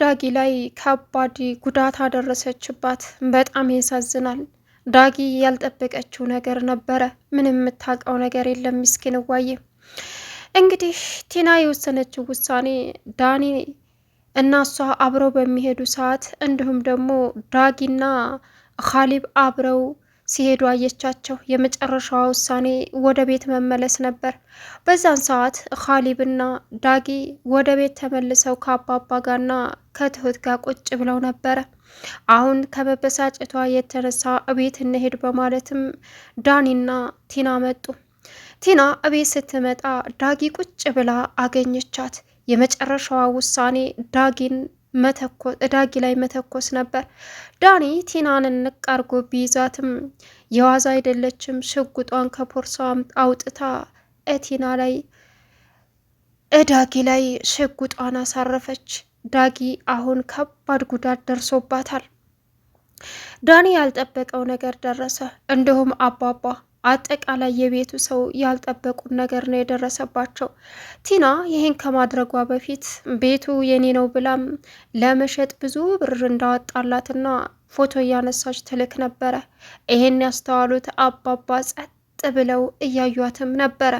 ዳጊ ላይ ከባድ ጉዳት አደረሰችባት። በጣም ያሳዝናል። ዳጊ ያልጠበቀችው ነገር ነበረ። ምንም የምታውቀው ነገር የለም። ምስኪን ዋይ። እንግዲህ ቲና የወሰነችው ውሳኔ ዳኒ እና እሷ አብረው በሚሄዱ ሰዓት እንዲሁም ደግሞ ዳጊና ካሊብ አብረው ሲሄዱ አየቻቸው። የመጨረሻዋ ውሳኔ ወደ ቤት መመለስ ነበር። በዛን ሰዓት ካሊብና ዳጊ ወደ ቤት ተመልሰው ከአባባ ጋርና ከትሁት ጋር ቁጭ ብለው ነበረ። አሁን ከመበሳጨቷ የተነሳ እቤት እንሄድ በማለትም ዳኒና ቲና መጡ። ቲና እቤት ስትመጣ ዳጊ ቁጭ ብላ አገኘቻት። የመጨረሻዋ ውሳኔ ዳጊን መተኮስ ዳጊ ላይ መተኮስ ነበር። ዳኒ ቲናን እንቅ አርጎ ቢይዛትም የዋዛ አይደለችም። ሽጉጧን ከፖርሳ አውጥታ እቲና ላይ እዳጊ ላይ ሽጉጧን አሳረፈች። ዳጊ አሁን ከባድ ጉዳት ደርሶባታል። ዳኒ ያልጠበቀው ነገር ደረሰ። እንዲሁም አባባ አጠቃላይ የቤቱ ሰው ያልጠበቁን ነገር ነው የደረሰባቸው። ቲና ይህን ከማድረጓ በፊት ቤቱ የኔ ነው ብላም ለመሸጥ ብዙ ብር እንዳወጣላትና ፎቶ እያነሳች ትልክ ነበረ። ይህን ያስተዋሉት አባባ ጸጥ ቀጥ ብለው እያዩትም ነበረ።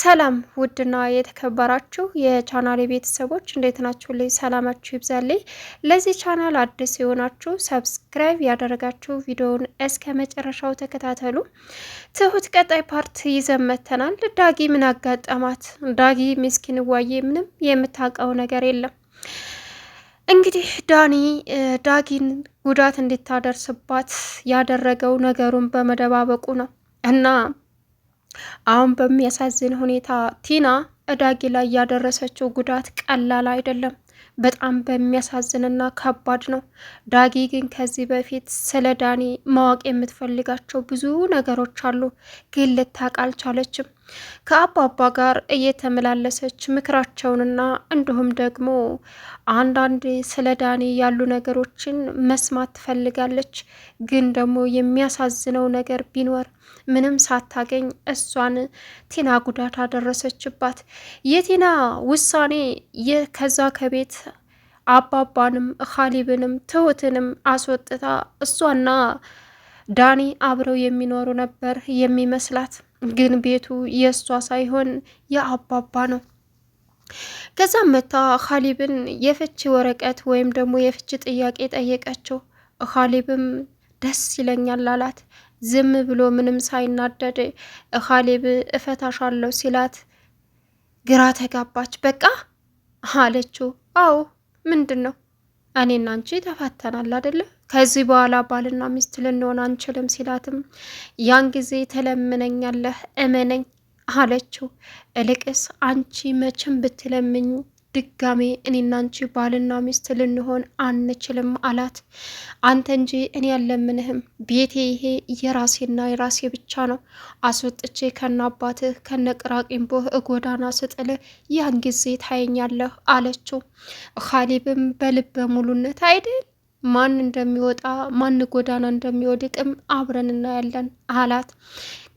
ሰላም ውድና የተከበራችሁ የቻናል ቤተሰቦች እንዴት ናችሁ? ላይ ሰላማችሁ ይብዛልኝ። ለዚህ ቻናል አዲስ የሆናችሁ ሰብስክራይብ ያደረጋችሁ ቪዲዮውን እስከ መጨረሻው ተከታተሉ። ትሁት ቀጣይ ፓርት ይዘመተናል። ዳጊ ምን አጋጠማት? ዳጊ ምስኪን ዋዬ ምንም የምታውቀው ነገር የለም። እንግዲህ ዳኒ ዳጊን ጉዳት እንድታደርስባት ያደረገው ነገሩን በመደባበቁ ነው። እና አሁን በሚያሳዝን ሁኔታ ቲና እዳጊ ላይ ያደረሰችው ጉዳት ቀላል አይደለም። በጣም በሚያሳዝንና ከባድ ነው። ዳጊ ግን ከዚህ በፊት ስለ ዳኒ ማወቅ የምትፈልጋቸው ብዙ ነገሮች አሉ፣ ግን ልታውቅ አልቻለችም። ከአባባ ጋር እየተመላለሰች ምክራቸውንና እንዲሁም ደግሞ አንዳንድ ስለ ዳኒ ያሉ ነገሮችን መስማት ትፈልጋለች። ግን ደግሞ የሚያሳዝነው ነገር ቢኖር ምንም ሳታገኝ እሷን ቲና ጉዳት አደረሰችባት። የቲና ውሳኔ ከዛ ከቤት አባባንም ኻሊብንም ትሁትንም አስወጥታ እሷና ዳኒ አብረው የሚኖሩ ነበር የሚመስላት። ግን ቤቱ የእሷ ሳይሆን የአባባ ነው። ከዛም መታ ኻሊብን የፍቺ ወረቀት ወይም ደግሞ የፍቺ ጥያቄ ጠየቀችው። ኻሊብም ደስ ይለኛል አላት። ዝም ብሎ ምንም ሳይናደድ እፈታሽ እፈታሻለሁ ሲላት ግራ ተጋባች። በቃ አለችው። አዎ ምንድን ነው እኔና አንቺ ተፋተናል አደለም? ከዚህ በኋላ ባልና ሚስት ልንሆን አንችልም ሲላትም ያን ጊዜ ተለምነኛለህ እመነኝ አለችው። እልቅስ አንቺ መቼም ብትለምኝ ድጋሜ እኔና አንቺ ባልና ሚስት ልንሆን አንችልም አላት። አንተ እንጂ እኔ ያለምንህም ቤቴ ይሄ የራሴና የራሴ ብቻ ነው። አስወጥቼ ከነ አባትህ ከነ ቅራቂምቦህ እጎዳና ስጥልህ ያን ጊዜ ታየኛለህ አለችው። ካሌብም በልበ ሙሉነት አይደል ማን እንደሚወጣ ማን ጎዳና እንደሚወድቅም አብረን እናያለን አላት።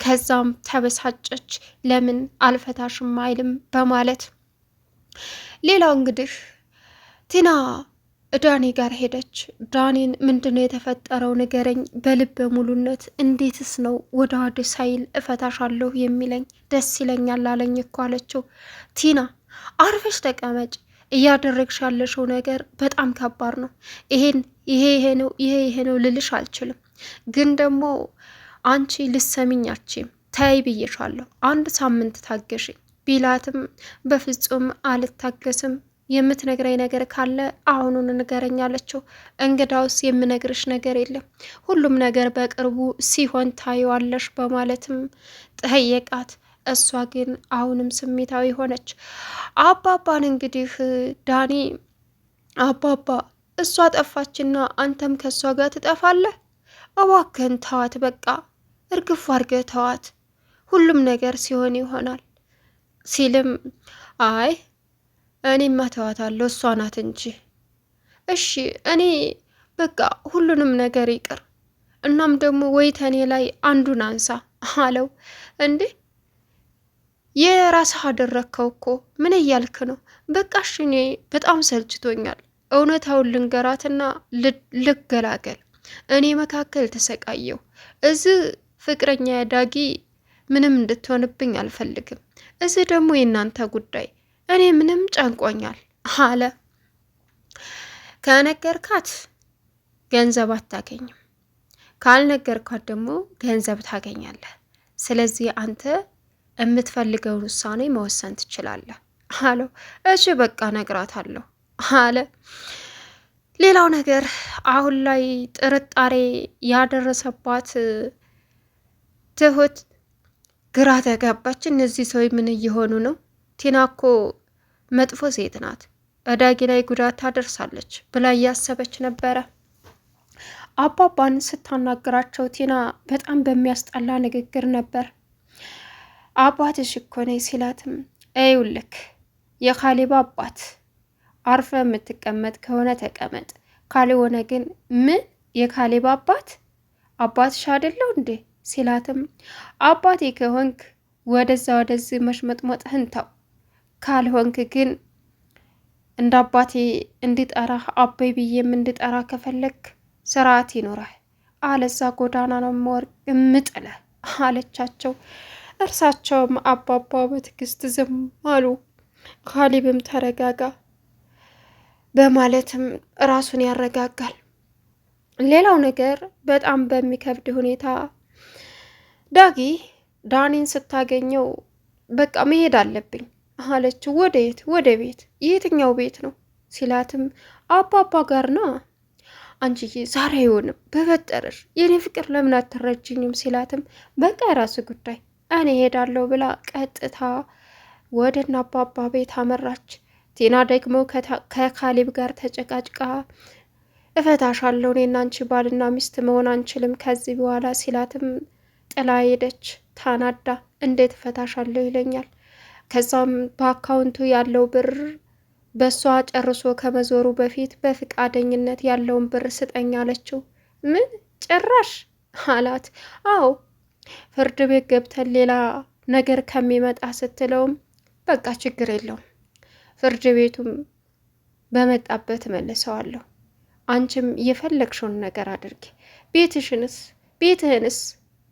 ከዛም ተበሳጨች። ለምን አልፈታሽም አይልም በማለት ሌላው እንግዲህ ቲና ዳኒ ጋር ሄደች። ዳኒን ምንድነው የተፈጠረው ንገረኝ፣ በልበ ሙሉነት እንዴትስ ነው ወደ ዋድ ሳይል እፈታሻለሁ የሚለኝ ደስ ይለኛል አለኝ እኮ አለችው። ቲና አርፈሽ ተቀመጭ እያደረግሽ ያለሽው ነገር በጣም ከባድ ነው። ይሄን ይሄ ይሄ ነው ይሄ ይሄ ነው ልልሽ አልችልም፣ ግን ደግሞ አንቺ ልሰሚኝ አችም ተይ ብዬሻለሁ። አንድ ሳምንት ታገሽኝ ቢላትም በፍጹም አልታገስም የምትነግረኝ ነገር ካለ አሁኑን ንገረኝ አለችው። እንግዳውስ የምነግርሽ ነገር የለም ሁሉም ነገር በቅርቡ ሲሆን ታየዋለሽ በማለትም ጠየቃት። እሷ ግን አሁንም ስሜታዊ ሆነች። አባባን እንግዲህ ዳኒ አባባ እሷ ጠፋችና አንተም ከእሷ ጋር ትጠፋለህ? እባክህን ተዋት፣ በቃ እርግፍ አድርገህ ተዋት፣ ሁሉም ነገር ሲሆን ይሆናል ሲልም አይ እኔማ ተዋታለሁ እሷ ናት እንጂ እሺ እኔ በቃ ሁሉንም ነገር ይቅር። እናም ደግሞ ወይ ተኔ ላይ አንዱን አንሳ አለው እንዴ የራስህ አደረግከው እኮ ምን እያልክ ነው? በቃሽ፣ እኔ በጣም ሰልችቶኛል። እውነታውን ልንገራትና ልገላገል። እኔ መካከል ተሰቃየው። እዚህ ፍቅረኛ ያዳጊ ምንም እንድትሆንብኝ አልፈልግም። እዚህ ደግሞ የእናንተ ጉዳይ፣ እኔ ምንም ጨንቆኛል አለ። ከነገርካት ገንዘብ አታገኝም፣ ካልነገርካት ደግሞ ገንዘብ ታገኛለህ። ስለዚህ አንተ የምትፈልገውን ውሳኔ መወሰን ትችላለህ አለው። እሺ በቃ እነግራታለሁ አለ። ሌላው ነገር አሁን ላይ ጥርጣሬ ያደረሰባት ትሁት ግራ ተጋባች። እነዚህ ሰው ምን እየሆኑ ነው? ቲና እኮ መጥፎ ሴት ናት፣ እዳጊ ላይ ጉዳት ታደርሳለች ብላ እያሰበች ነበረ። አባባን ስታናግራቸው ቲና በጣም በሚያስጠላ ንግግር ነበር አባትሽ እኮ ነኝ ሲላትም እዩልክ የካሌብ አባት አርፈ የምትቀመጥ ከሆነ ተቀመጥ፣ ካልሆነ ግን ምን የካሌብ አባት አባትሽ አይደለው እንዴ ሲላትም አባቴ ከሆንክ ወደዛ ወደዚህ መሽመጥሞጥህን ተው፣ ካልሆንክ ግን እንደ አባቴ እንድጠራህ አበይ ብዬም እንድጠራ ከፈለግ ስርዓት ይኖረህ፣ አለዛ ጎዳና ነው የምወርቅ እምጥለህ አለቻቸው። እርሳቸውም አባባ በትዕግስት ዝም አሉ። ካሊብም ተረጋጋ በማለትም ራሱን ያረጋጋል። ሌላው ነገር በጣም በሚከብድ ሁኔታ ዳጊ ዳኒን ስታገኘው በቃ መሄድ አለብኝ አለች። ወደ የት? ወደ ቤት። የትኛው ቤት ነው ሲላትም አባባ ጋር ና አንቺዬ፣ ዛሬ አይሆንም በፈጠረሽ፣ የኔ ፍቅር ለምን አትረጅኝም ሲላትም በቃ የራሱ ጉዳይ እኔ ሄዳለሁ ብላ ቀጥታ ወደ እነ አባባ ቤት አመራች። ቲና ደግሞ ከካሊብ ጋር ተጨቃጭቃ እፈታሻለሁ እኔና አንቺ ባልና ሚስት መሆን አንችልም ከዚህ በኋላ ሲላትም ጥላ ሄደች። ታናዳ እንዴት እፈታሻለሁ ይለኛል። ከዛም በአካውንቱ ያለው ብር በእሷ ጨርሶ ከመዞሩ በፊት በፍቃደኝነት ያለውን ብር ስጠኝ አለችው። ምን ጭራሽ አላት። አዎ ፍርድ ቤት ገብተን ሌላ ነገር ከሚመጣ ስትለውም በቃ ችግር የለውም ፍርድ ቤቱም በመጣበት መልሰዋለሁ። አንቺም የፈለግሽውን ነገር አድርጊ፣ ቤትሽንስ ቤትህንስ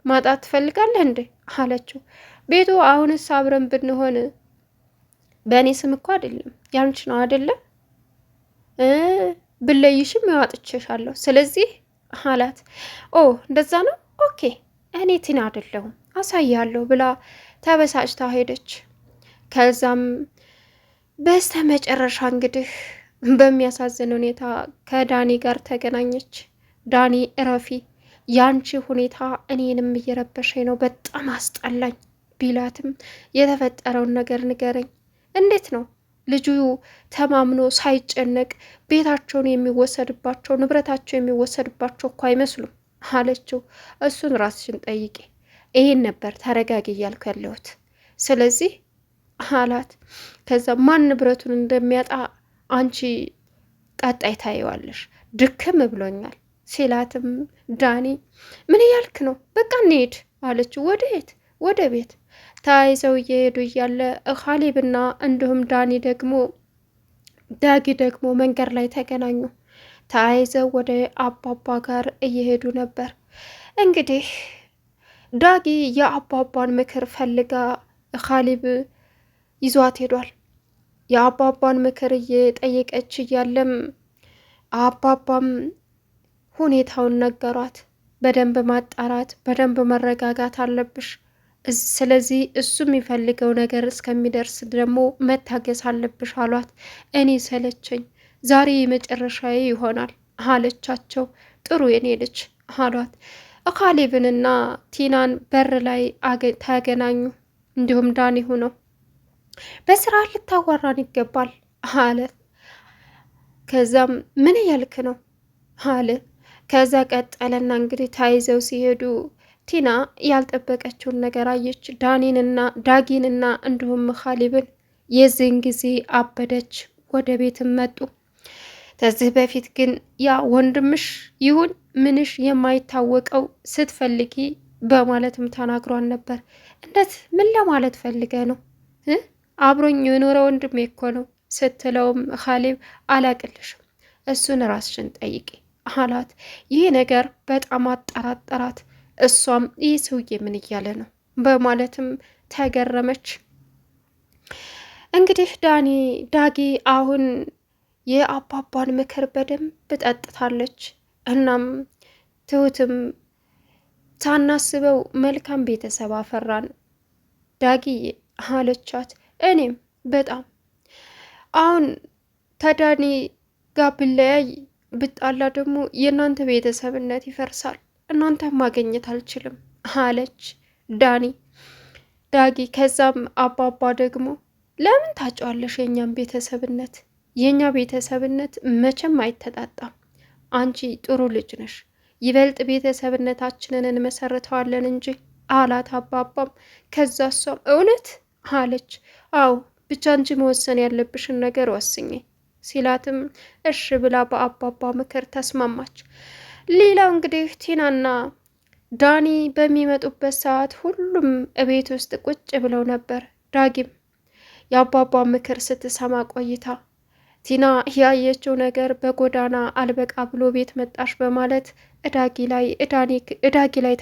ማጣት ትፈልጋለህ እንዴ አለችው። ቤቱ አሁንስ አብረን ብንሆን በእኔ ስም እኮ አይደለም ያንቺ ነው አይደለም ብለይሽም ያዋጥቼሻለሁ። ስለዚህ አላት። ኦ እንደዛ ነው ኦኬ እኔ ቲና አይደለሁም አሳያለሁ ብላ ተበሳጭታ ሄደች። ከዛም በስተ መጨረሻ እንግዲህ በሚያሳዝን ሁኔታ ከዳኒ ጋር ተገናኘች። ዳኒ እረፊ፣ ያንቺ ሁኔታ እኔንም እየረበሸኝ ነው፣ በጣም አስጠላኝ ቢላትም የተፈጠረውን ነገር ንገረኝ። እንዴት ነው ልጁ ተማምኖ ሳይጨነቅ ቤታቸውን የሚወሰድባቸው ንብረታቸው የሚወሰድባቸው እኮ አይመስሉም። አለችው። እሱን ራስሽን ጠይቄ ይሄን ነበር ተረጋጊ እያልኩ ያለሁት ስለዚህ አላት። ከዛ ማን ንብረቱን እንደሚያጣ አንቺ ቀጣይ ታየዋለሽ፣ ድክም ብሎኛል ሲላትም ዳኒ ምን እያልክ ነው? በቃ እንሄድ አለችው። ወደ የት? ወደ ቤት። ተያይዘው እየሄዱ እያለ ሀሊብና እንዲሁም ዳኒ ደግሞ ዳጊ ደግሞ መንገድ ላይ ተገናኙ። ተያይዘው ወደ አባባ ጋር እየሄዱ ነበር። እንግዲህ ዳጊ የአባባን ምክር ፈልጋ ኻሊብ ይዟት ሄዷል። የአባባን ምክር እየጠየቀች እያለም አባባም ሁኔታውን ነገሯት። በደንብ ማጣራት፣ በደንብ መረጋጋት አለብሽ። ስለዚህ እሱ የሚፈልገው ነገር እስከሚደርስ ደግሞ መታገስ አለብሽ አሏት። እኔ ሰለቸኝ ዛሬ የመጨረሻዬ ይሆናል አለቻቸው። ጥሩ የኔ ልጅ አሏት። ካሌብንና ቲናን በር ላይ ተገናኙ። እንዲሁም ዳኒሁ ነው በስራ ልታዋራን ይገባል አለ። ከዛም ምን እያልክ ነው አለ። ከዛ ቀጠለና እንግዲህ ተያይዘው ሲሄዱ ቲና ያልጠበቀችውን ነገር አየች። ዳኒንና ዳጊንና እንዲሁም ካሊብን የዚህን ጊዜ አበደች። ወደ ቤትም መጡ። ከዚህ በፊት ግን ያ ወንድምሽ ይሁን ምንሽ የማይታወቀው ስትፈልጊ በማለትም ተናግሯን ነበር። እንዴት ምን ለማለት ፈልገ ነው? አብሮኝ የኖረ ወንድሜ እኮ ነው ስትለውም ኻሊብ አላቅልሽም፣ እሱን ራስሽን ጠይቂ አላት። ይህ ነገር በጣም አጠራጠራት። እሷም ይህ ሰውዬ ምን እያለ ነው በማለትም ተገረመች። እንግዲህ ዳኒ ዳጊ አሁን የአባባን ምክር በደንብ ጠጥታለች። እናም ትሁትም ሳናስበው መልካም ቤተሰብ አፈራን ዳጊዬ አለቻት። እኔም በጣም አሁን ተዳኒ ጋር ብለያይ ብጣላ ደግሞ የእናንተ ቤተሰብነት ይፈርሳል፣ እናንተ ማገኘት አልችልም አለች ዳኒ ዳጊ። ከዛም አባባ ደግሞ ለምን ታጫዋለሽ የእኛም ቤተሰብነት የእኛ ቤተሰብነት መቼም አይተጣጣም። አንቺ ጥሩ ልጅ ነሽ፣ ይበልጥ ቤተሰብነታችንን እንመሰርተዋለን እንጂ አላት አባባም። ከዛ እሷም እውነት አለች። አዎ ብቻ አንቺ መወሰን ያለብሽን ነገር ወስኝ ሲላትም እሽ ብላ በአባባ ምክር ተስማማች። ሌላው እንግዲህ ቲናና ዳኒ በሚመጡበት ሰዓት ሁሉም እቤት ውስጥ ቁጭ ብለው ነበር። ዳጊም የአባባ ምክር ስትሰማ ቆይታ ቲና ያየችው ነገር በጎዳና አልበቃ ብሎ ቤት መጣሽ በማለት እዳጊ ላይ እዳጊ ላይ